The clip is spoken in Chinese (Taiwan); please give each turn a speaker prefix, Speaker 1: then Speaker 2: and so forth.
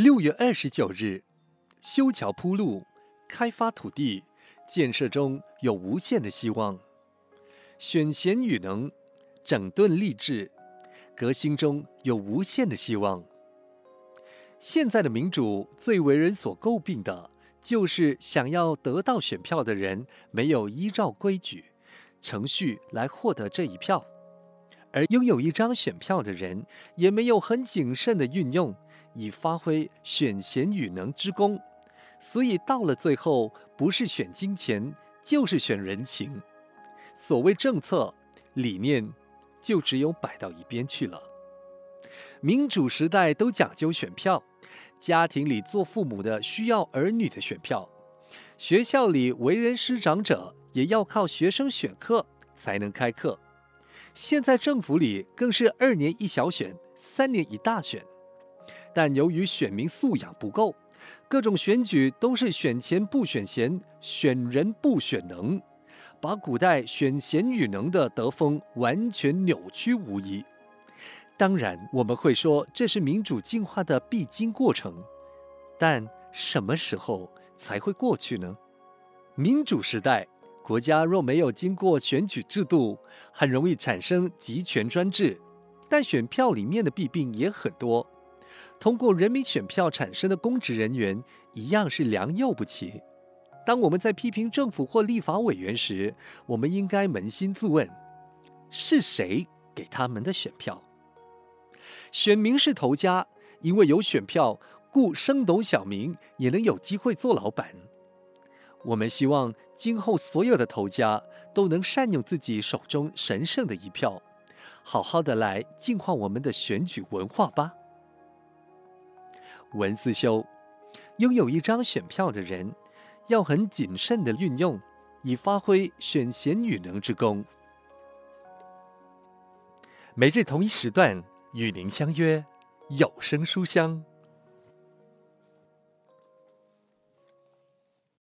Speaker 1: 六月二十九日，修橋鋪路，開發土地，建設中有無限的希望；選賢與能，整頓吏治，革新中有無限的希望。現在的民主最為人所詬病的，就是想要得到選票的人沒有依照規矩程序來獲得這一票，而擁有一張選票的人也沒有很謹慎的運用。以發揮選賢與能之功，所以到了最後，不是選金錢，就是選人情。所謂政策理念，就只有擺到一邊去了。民主時代都講究選票，家庭裡做父母的需要兒女的選票，學校裡為人師長者也要靠學生選課才能開課。現在政府裡更是二年一小選，三年一大選。但由於選民素養不夠，各種選舉都是選錢不選賢，選人不選能，把古代選賢與能的德風完全扭曲無遺。當然，我們會說這是民主進化的必經過程，但什麼時候才會過去呢？民主時代，國家若沒有經過選舉制度，很容易產生集權專制，但選票裡面的弊病也很多。通過人民選票產生的公職人員，一樣是良莠不齊。當我們在批評政府或立法委員時，我們應該捫心自問：是誰給他們的選票？選民是頭家，因為有選票，故升斗小民也能有機會做老板。我們希望今後所有的頭家都能善用自己手中神聖的一票，好好的來淨化我們的選舉文化吧。文思修，擁有一張選票的人，要很謹慎的運用，以發揮選賢與能之功。每日同一時段與您相約，有聲書香。